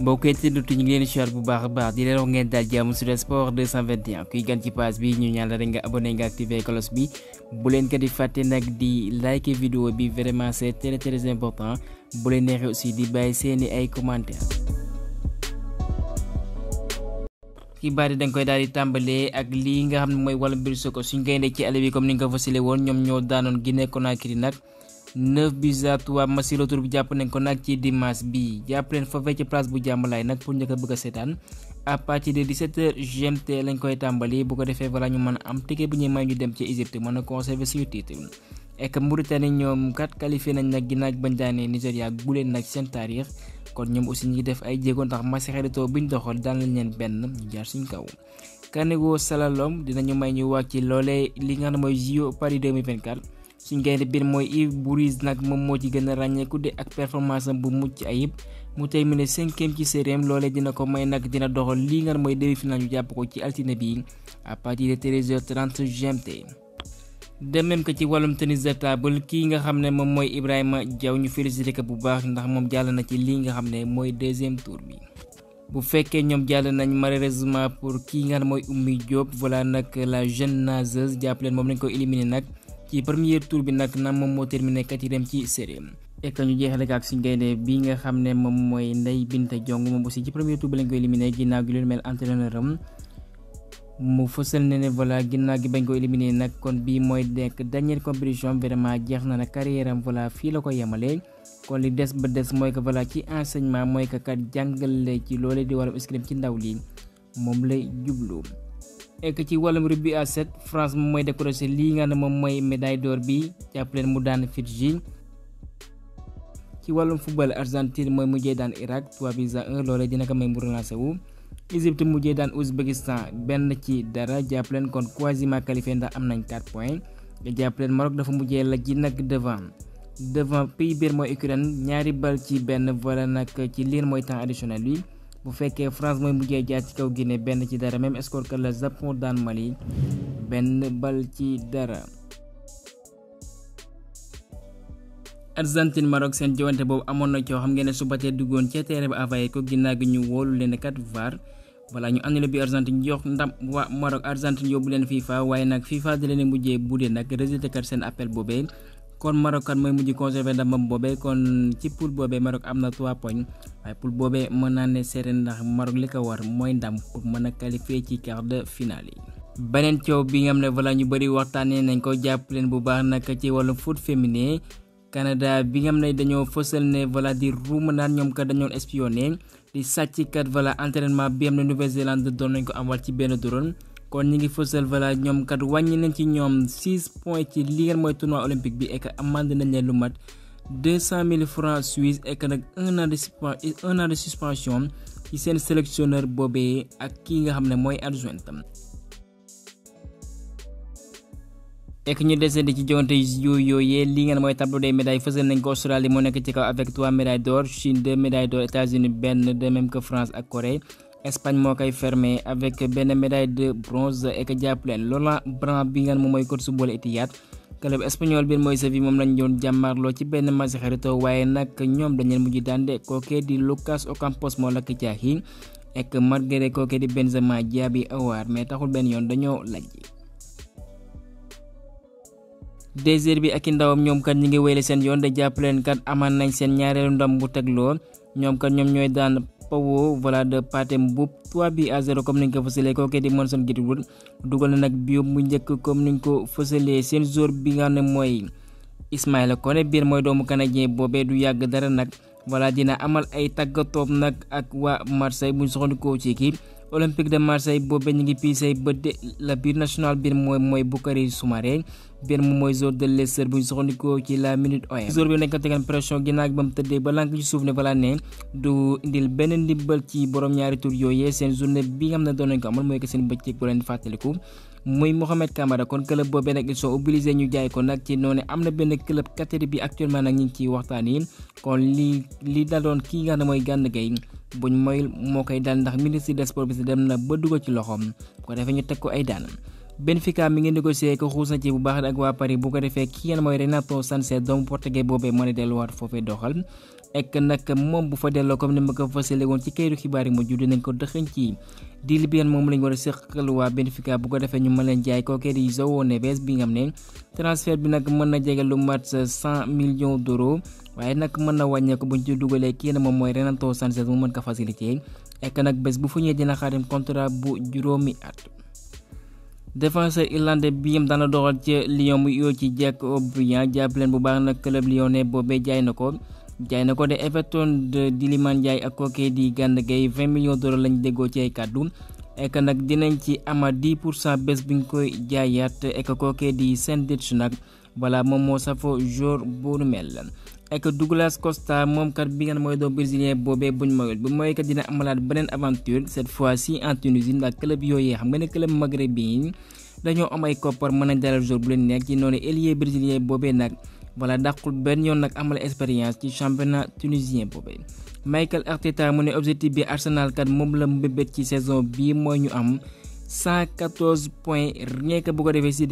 mbokk internaute ñu ngi leen di bu baax baax di leen ngeen daal jàmm Sud Sport 221 kuy gan ci page bi ñu ñaan la rek nga abonné nga activé cloche bi bu leen ko di fàtte nag di like vidéo bi vraiment c'est très très important bu leen neexee aussi di bàyyi seeni ay commentaires. xibaar yi dañ koy daal di tàmbalee ak lii nga xam ne mooy wàllum biir soko suñ koy nekk ci àll bi comme ni nga woon ñoom ñoo daanoon nag. 9 buts à 3 match jàpp nañ ko nag ci dimanche bi jàpp leen foofee ci place bu jàmbalaay nag pour njëkk a bëgg a seetaan à partir de 17h GMT lañ koy tàmbali bu ko defee balaa ñu mën a am ticket bu ñuy may ñu dem ci Égypte mën a conserver suñu titre. ek Mauritanie ñoom kat qualifié nañ nag ginnaaw bañ daanee Nigéria guleen nag seen taarix kon ñoom aussi ñu def ay jéego ndax match xaritoo biñ doxal daan lañ leen benn jaar suñ kaw. Kanigou Slalom dinañu suñ gaynde biir mooy Yves Bouryz nag moom moo ci gën a ràññeeku de ak performance am bu mucc ayib mu terminé cinquième ci séréem loolee dina ko may nag dina doxal lii nga mooy demi-finale ñu jàpp ko ci altine bi à partir de 13h30 GMT. ci wàllum tennis de table kii nga xam ne moom Ibrahima Diaw ñu félicité ko bu baax ndax moom jàll na ci lii nga xam ne mooy deuxième tour bi. bu fekkee ñoom jàll nañ malheureusement pour kii nga xam mooy Oumy Diop voilà nag la jeune nageuse jàpp leen moom lañ ko éliminé nag. ci premier tour bi nag na moom moo yi quatrième ci série et que ñu jeexale ak suñ gaynde bi nga xam ne moom mooy Ndeye Binta Diong moom aussi ci premier tour bi lañ ko éliminé ginnaaw gi lu mel entraîneur am mu fësal ne ne voilà ginnaaw gi bañ ko éliminé nag kon bii mooy nekk dernière compétition vraiment jeex na nag carrière am voilà fii la ko yemale kon li des ba des mooy que voilà ci enseignement mooy que kat jàngale ci loolee di wàllum escrime ci ndaw lii moom lay jublu. ek ci wàllum rugby à 7 France moom mooy décroché li nga ne moom mooy médaille door bi jàppaleen mu daan Fidji ci wàllum football Argentine mooy mujjee daan Irak 3 buts à 1 dina ko may mu relancé wu Égypte mujjee daan Ouzbékistan benn ci dara jàppaleen kon quasiment qualifié ndax am nañ 4 points jàppaleen Maroc dafa mujjee la ji nag devant devant pays biir mooy Ukraine ñaari bal ci benn voilà nag ci liir mooy temps additionnel bi bu fekkee France mooy mujjee jaar ci kaw Guinée benn ci dara même score que le Japon daan Mali benn bal ci dara. Argentine Maroc seen jowante boobu amoon na coo xam ngeen ne su batee duggoon ca terrain ba avayé ko ginnaaw gi ñu wóolu leen kat VAR wala ñu annulé bi Argentine jox ndam waa Maroc Argentine yóbbu leen FIFA waaye nag FIFA da leen mujjee budee nag résultat kat seen appel boobee. kon Maroc kan mooy mujj conservé ma boobee kon ci poule boobee Maroc am na 3 points waaye poule boobee mën naa ne sereen ndax Maroc li ko war mooy ndam pour mën na qualifier ci quart de finale yi. beneen bi nga xam ne voilà ñu bëri waxtaanee nañ ko jàpp leen bu baax nag ci wàllu foot féminin Canada bi nga xam ne dañoo fësal ne voilà di ruum naan ñoom kat dañoo espionné di sàcc kat voilà entraînement bi am na Nouvelle-Zélande doon nañ ko amal ci benn drone. kon ñi ngi fësal voilà ñoom kat wàññi nañ ci ñoom 6 points ci li ngeen mooy tournoi olympique bi et que amande nañ leen lu mat 200 000 francs suisse et que nag un an de un ci seen sélectionneur boobee ak kii nga xam ne mooy adjointam ek ñu desandi ci joŋante yu yooyee li ngeen mooy tableau des médailles fësal nañ ko Australie moo nekk ci kaw avec trois médailles d'or Chine deux médailles d'or unis benn de même France ak Corée Espagne moo koy fermé avec benn médaille de bronze ek jàpp leen Laurent bi nga moom mooy coach su boole Etihad club espagnol bi mooy moom lañ doon jàmmarloo ci benn match xaritoo waaye nag ñoom dañ leen mujj daan de kookee di Lucas Ocampos moo lakk caaxi ek Marguerite kookee di Benzema Diaby Aouar mais taxul benn yoon dañoo lajj. désir bi ak i ndawam ñoom kat ñi ngi wéyale yoon de jàpp leen kat amaan nañ seen ñaareelu ndam bu ñoom ñooy daan. Pawo voilà de Pathé Mboup 3 bi à comme ni nga ko fësalee kooku di Monson Greenwood dugal na nag biom bu njëkk comme ni nga ko fësalee seen joueur bi nga xam ne mooy Ismaïla Koné biir mooy doomu canadien boobee du yàgg dara nag voilà dina amal ay tàggatoom nag ak waa Marseille bu ñu soxandikoo ci kii. Olympique de Marseille boobee ñu ngi piisay bët de la biir national biir mooy mooy Boukary Soumaré biir moom mooy zone de Leicester bu ñu ci la minute OM. zone bi dañ ko tegan pression ginnaaw ba mu tëddee ba lank ci suuf ne balaa ne du indil benn ndimbal ci borom ñaari tur yooyee seen journée bi nga xam ne doon nañ ko amal mooy que seen bëccëg bu leen fàttaliku. muy Mohamed Kamara kon club boobee nag ils sont ñu jaay ko nag ci noonu am na benn club Qatar bi actuellement nag ñu ngi ciy waxtaan yi kon lii lii daloon kii nga xam ne mooy Gana Gueye buñ mooy moo koy dal ndax ministre des sports bi si dem na ba dugg ci loxoom ko defee ñu teg ko ay daanam Benfica mi ngi négocier ko xuus na ci bu baax ak waa Paris bu ko defee kii yan mooy Renato Sanches doomu portugais boobee mën a delluwaat foofee doxal ek nag moom bu fa delloo comme ni ma ko fasale woon ci kayitu xibaar yi ko dëxëñ ci diil bi moom a seqal ko defee ñu mën leen jaay kookee di João Neves bi nga xam ne transfert bi nag mën na jege lu mat cent millions d'euros waaye nag mën mooy Renato Sanches mu mën ko facilité ek nag bés bu fu ñëwee dina xaatim contrat bu juróomi at. défenseur irlandais bi yam daana doxal ca Lyon mu yoo ci Jack O'Brien jàppaleen bu baax nag club lyonnais boobee jaay na ko jaay na ko de Everton de Iliman Ndiaye ak kooke di Gana Gueye 20 millions de dollars lañ déggoo ci ay kàddu ek nag dinañ ci ama 10 pour cent bés bi ñu koy jaayaat ek kooke di Saint-Étienne nag voilà moom moo safoo jour bu nu ak Douglas Costa moom kat bi ngeen mooy doo brésilien boobee buñ mayul bu mooy kat dina amalaat beneen aventure cette fois ci en Tunisie ndax club yooyee xam nga ne club maghrébin dañoo am ay koppar mën a dalal jour bu leen nekk ci noonu ailier brésilien boobee nag wala dàqul benn yoon nag amal expérience ci championnat tunisien boobee. Michael Arteta mu ne objectif bi Arsenal moom la mbébét ci saison bii mooy ñu am 114 points rien que bu ko defee si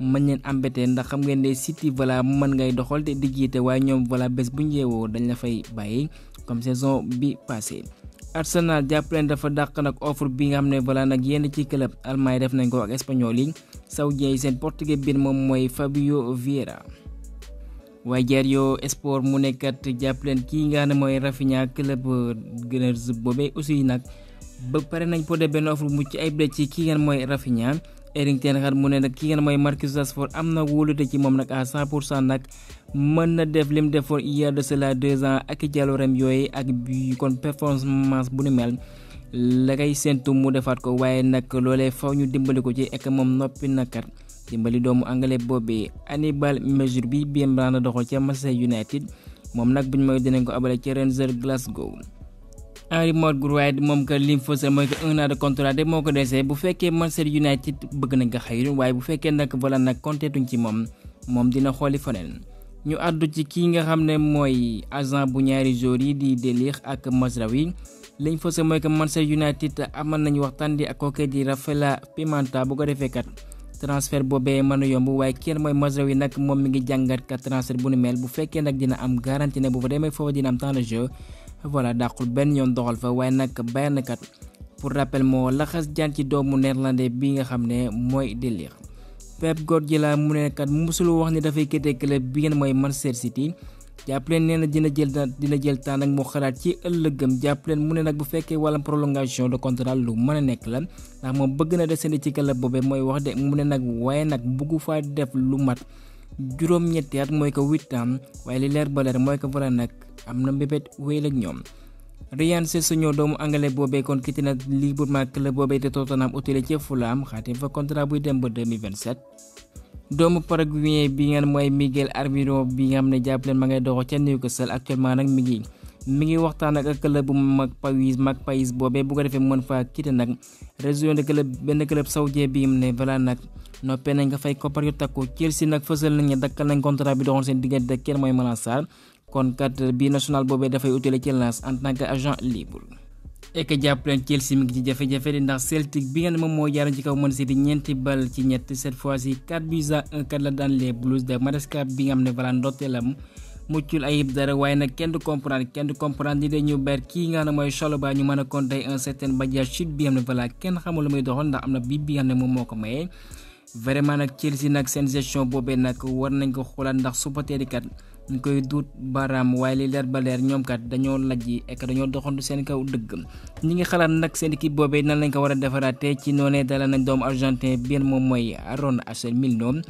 mën leen embêté ndax xam ngeen ne City voilà mën ngay doxal te di jiite waaye ñoom voilà bés bu njeewoo dañ la fay bàyyi comme saison bi passé Arsenal jàpp leen dafa dàq nag offre bi nga xam ne voilà nag yenn ci club Allemagne def nañ ko ak espagnol yi saoudien yi seen portugais biir moom mooy Fabio Vieira waaye jaar yoo sport mu nekkat jàpp leen kii nga xam ne mooy Rafinha club Gunners boobee aussi nag ba pare nañ podé benn offre mucc ayib ci kii nga mooy Rafinha Erik ten Hag mu ne nag ki ngeen mooy Marcus Rashford am na wóolute ci moom nag à 100 pour cent nag mën na def lim defoon hier de cela deux ans ak jaloorem yooyu ak bi kon performance bu nu mel la kay séntu mu defaat ko waaye nag loolee faw ñu dimbali ko ci ek moom noppi na dimbali doomu angale boobee Hannibal mesure bi bien na doxal ca Manchester United moom nag ñu mooy dinañ ko abale ca Rangers Glasgow. Henry Maguire moom que lim fësal mooy que un an de de moo ko dese bu fekkee Manchester United bëgg nañ ko xëy waaye bu fekkee nag voilà nag konteetuñ ci moom moom dina xooli feneen. ñu àddu ci kii nga xam ne mooy agent bu ñaari joueurs yi di Delix ak Mazraoui liñ fësal mooy que Manchester United amal nañu waxtaan di ak kooku di Rafaela Pimenta bu ko defee kat. transfert boobee mën a yomb waaye kenn mooy Mazraoui nag moom mi ngi jàngat ka transfert bu nu bu fekkee nag dina am garantie ne bu fa demee foofu dina voilà dàqul benn yoon doxal fa waaye nag Bayern kat pour rappel moo laxas jaan ci doomu néerlandais bi nga xam ne mooy De Ligt ji Guardiola mu ne kat musul wax ni dafay quitté club bi ngeen mooy Manchester City jàpp leen nee na dina jël dina jël temps nag moo xalaat ci ëllëgam jàpp leen mu ne nag bu fekkee wàllam prolongation de contral lu mën a nekk la ndax moom bëgg na desandi ci club boobee mooy wax de mu ne nag waaye nag bëggu faa def lu mat. juróom-ñetti at mooy ko huit ans waaye li leer ba leer mooy ko Varane nag am na mbébét wéyal ak ñoom. Ryan Sessegnon doomu angale boobee kon quitté na librement club boobee te Tottenham utile ci Fulham xaatim fa contrat buy dem ba 2027. doomu paraguayen bi ngeen mooy Miguel Armiró bi nga xam ne jàpp leen ma ngay doxo ca Newcastle actuellement nag mi ngi. mi ngi waxtaan ak club bu mag Paris mag Paris boobee bu ko defee mën faa quitté nag région de club benn club saoudien bi mu ne voilà nag noppee nañ nga fay koppar yu takku Chelsea nag fësal nañ dakkal nañ contrat bi doxoon seen diggante kenn mooy Malang Sarr kon kat bi national boobee dafay utile ci Lens en tant que agent libre. ek jàpp Chelsea mi ngi ci jafe-jafe di ndax Celtic bi nga ne moom moo jaaroon ci kaw Man City ñeenti bal ci ñett cette fois ci 4 buts à bi nga xam ne balaa ndorteelam. muccul ayib dara waaye nag kenn comprendre kenn comprendre ni dañu ber kii nga xam mooy solo ba ñu mën a compter un certain Badiashile chute bi xam ne voilà kenn xamul lu muy doxal ndax am na bi bi xam ne moom moo ko maye. vraiment nag Chelsea nag seen gestion boobee nag war nañ ko xoolaat ndax supporter kat ñu koy duut baaraam waaye li leer ba leer ñoom kat dañoo lajj ek dañoo doxantu seen kaw dëgg ñu ngi xalaat nag seen kii boobee nan lañ ko war defaraat defaraatee ci noonee dalal nañ doomu argentin bien moom mooy Aaron Milner noonu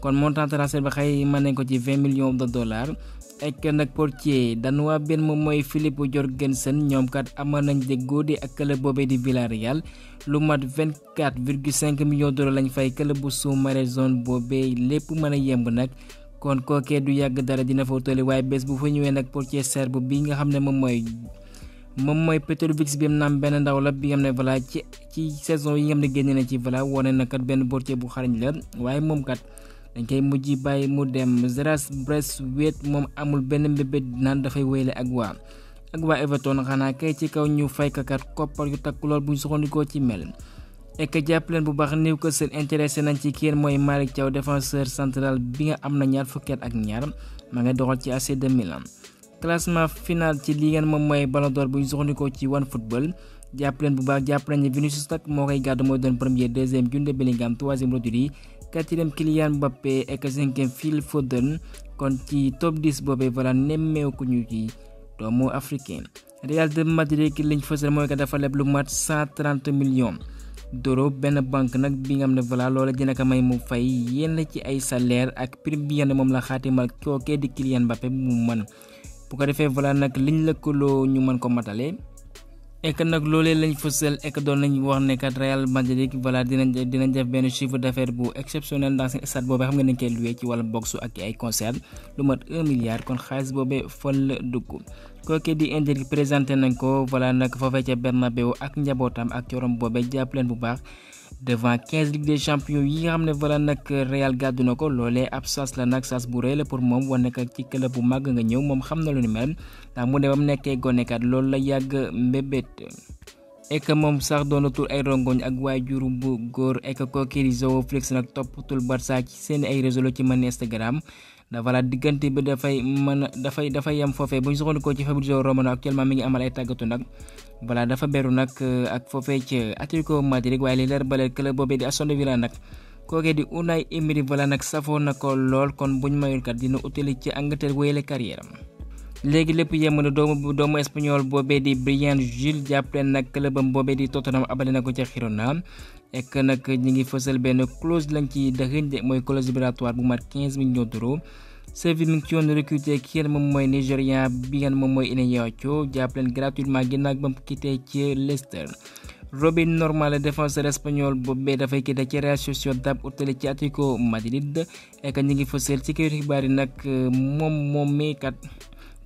kon montant transfert ba xëy mën nañ ko ci 20 millions de dollars. ak nag portier danuwaa benn moom mooy Philippe Jorgensen ñoom kat amoon nañ déggoo di ak club boobe di Villarreal lu mat 24,5 millions de dollars lañ fay club bu sous-marin zone boobee lépp mën a yemb nag. kon kookee du yàgg dara dina fa tolli waaye bés bu fa ñëwee nag portier serbe bi nga xam ne moom mooy moom mooy Petrovic bi mu naam benn ndaw la bi nga xam ne voilà ci ci saison yi nga xam ne génne na ci voilà wone na benn portier bu xarañ la waaye moom dañ koy mujj bàyyi mu dem Zeras breast wet moom amul benn mbébét naan dafay wéyle ak waa ak waa Everton xanaa kay ci kaw ñu faykakat koppar yu takk lool buñ soxandikoo ci mel ek jàpp leen bu baax Newcastle intéressé nañ ci kenn mooy Malick Thiaw défenseur central bi nga am na ñaar fukki at ak ñaar ma nga doxal ci AC de Milan classement final ci ligue moom mooy Ballon d'Or buñ soxandikoo ci one football jàpp leen bu baax jàpp nañ Vinicius tak moo koy doon premier deuxième Jude Bellingham troisième Rodri quatrième Kylian Mbappé ak cinquième Phil Foden kon ci top 10 boobee voilà nemmeeku ñu ci doomu africain Real de Madrid ki liñ fësal mooy ko dafa leb lu mat 130 millions d'euros benn banque nag bi nga xam ne voilà loola dina ko may mu fay yenn ci ay salaire ak prime bi yenn moom la xaatimal kookee di Kylian Mbappé mu mën bu ko defee voilà nag liñ lëkkaloo ñu mën ko matale et que nag loolee lañ fësal et que doon nañ wax ne kat Real Madrid voilà dinañ dinañ def benn chiffre d'affaires bu exceptionnel dans seen stade boobee xam nga nañ koy loué ci wàllu boxe ak ay concert lu mat un milliard kon xaalis boobee fan la dugg. kooke di Inter présenté nañ ko voilà nag foofee ca Bernabeu ak njabootam ak corom boobee jàpp leen bu baax. devant quinze Ligue des champions yi nga xam ne voilà nag Real gàddu na ko loolee ab sas la nag sas bu rëy la pour moom wane nag ci club bu màgg nga ñëw moom xam na lu ni mel ndax mu ne ba mu nekkee gonekat loolu la yàgg mbébét. ek moom sax doonatul ay rongoñ ak waaye jurum bu góor ek ko kii di João Félix nag toppatul Barça ci seen ay réseau ci mën Instagram. dafa la diggante bi dafay mën dafay dafay yem foofee bu ñu soxandikoo ci Fabrizio Romano actuellement mi ngi amal ay tàggatu nag voilà dafa beru nag eh, ak foofee ci Atlético Madrid waaye li leer bale club boobee di Aston Villa nag kookee di Unai Emery voilà nak safoo na ko lool kon buñ mayul kat dina utali ci Angleterre wéyale carrière am léegi lépp yem na doomu doomu espagnol boobee di Brian Gil jàppale nag clubam boobee di Tottenham abale na ko ca Girona et que nag ñi ngi fësal benn clause lañ ci dëxëñ de mooy clause libératoire bu mat 15 millions d'euros Séville mi ngi ci yoon recruté ki ngeen moom mooy Nigérian bi ngeen moom mooy Ené Yacho jàpp leen gratuitement ginnaaw ba mu quitté ci Leicester Robin Norman défenseur espagnol boobee dafay quitté ci Real Sociedad utali ci Atlético Madrid et que ñi ngi fësal ci kër xibaar yi nag moom moom maykat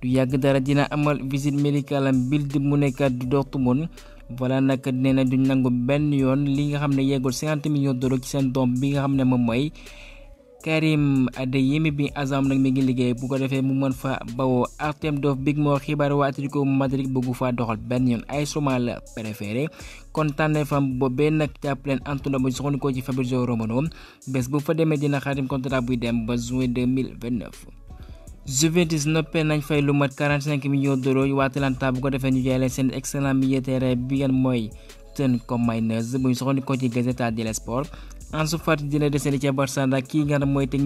du yàgg dara dina amal visite médicale am Bild mu nekkat du Dortmund voilà nag nee na duñ nangu benn yoon li nga xam ne yeggul cinquante millions d'euros ci seen doom bi nga xam ne moom mooy Karim Adeyemi bi Azam nag mi ngi liggéey bu ko defee mu mën fa bawoo Artem Diouf Big moo xibaar waa Atlético Madrid bëggu faa doxal benn yoon ay suma la préféré kon tànne fam boobee nag jàpp leen Antoine bu soxla ko ci Fabrizio Romano bés bu fa demee dina xaatim contrat buy dem ba juin 2029 Juventus noppee nañ fay lu mat 45 millions d'euros waa Atalanta bu ko defee ñu jaay leen seen excellent milieu terrain bi ngeen mooy Teuton-Cominges bu ñu soxandikoo ci Gazzetta dello Sport Ansu Fati dina desandi ca Barça ndax kii nga nag lii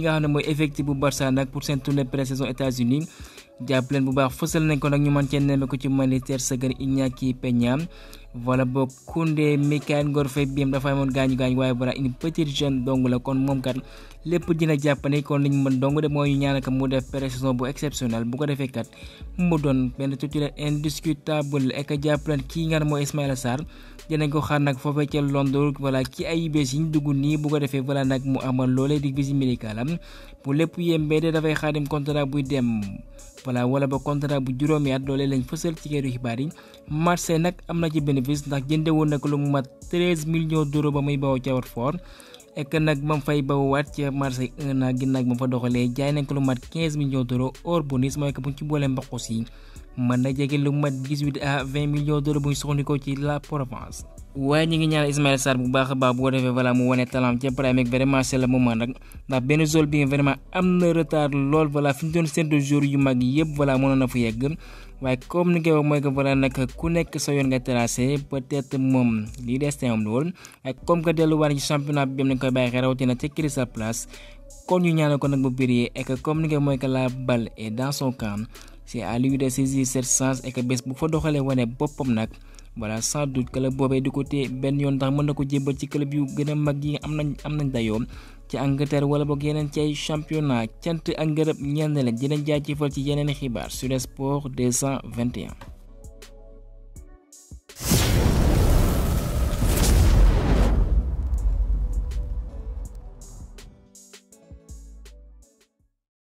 nga xam ne mooy effectif bu Barça nag pour seen tournée pré-saison États-Unis jàpp leen bu baax fësal nañ ko nag ñu mën cee nemmeeku ci Manchester City Iñaki Peña wala boog Koundé Mikayil Ngor Faye bi dafa amoon gaañu gaañu waaye bara une petite jeune dong la kon moom kat lépp dina jàpp kon liñ mën dong de mooy ñaan mu def pré bu exceptionnel bu ko defee kat mu doon benn titulaire indiscutable ek jàpp leen kii nga mooy Ismaïla Sarr. dinañ ko xaar nag foofee ca Londres voilà ki ay bés yi ñu dugg nii bu ko defee voilà nag mu amal loolee di visite médicale am bu lépp yembee de dafay xaadim contrat buy dem. voilà wala ba contrat bu juróom at loolee lañ fësal ci këru xibaar yi Marseille nag am na ci bénéfice ndax jënde woon nag lu mu mat 13 millions d'euros ba muy bawoo ca Watford ek nag ma fay bawaat ca Marseille un an ginnaaw ma fa doxalee jaay nañ ko lu mat 15 millions d'euros hors ci boolee mbaqus yi mën na jege lu mat 18 à 20 millions d'euros bu ñu sukkandikoo ci la Provence. waaye ñu ngi ñaanal Ismaïla sar bu baax a baax bu ko defee voilà mu wane talent ca prime ak vraiment c'est le moment nag ndax benn zone bi vraiment am na retard lool voilà fi ñu doon séntu jour yu mag yëpp voilà mënoon na fa yegg. waaye comme ni nga ko mooy que voilà nag ku nekk sa yoon nga tracé peut-être moom lii destin am lool waaye comme que delluwaat ci championnat bi ñu koy bàyyi xel rawatina ca Crystal Palace kon ñu ñaanal ko nag bu bëree et que comme ni nga mooy que la balle est dans son camp. c'est à lui de saisir cette chance et que bess bu fa doxalee wane boppam voilà sans doute que le du côté ben yon ndax mën na ko jébbal ci club yu gëna mag yi am nañ am nañ ci Angleterre wala boog yenen ci championnat cant ak ngërëm ñenn lañ dinañ jaajëfal ci yenen xibaar sur le sport 221.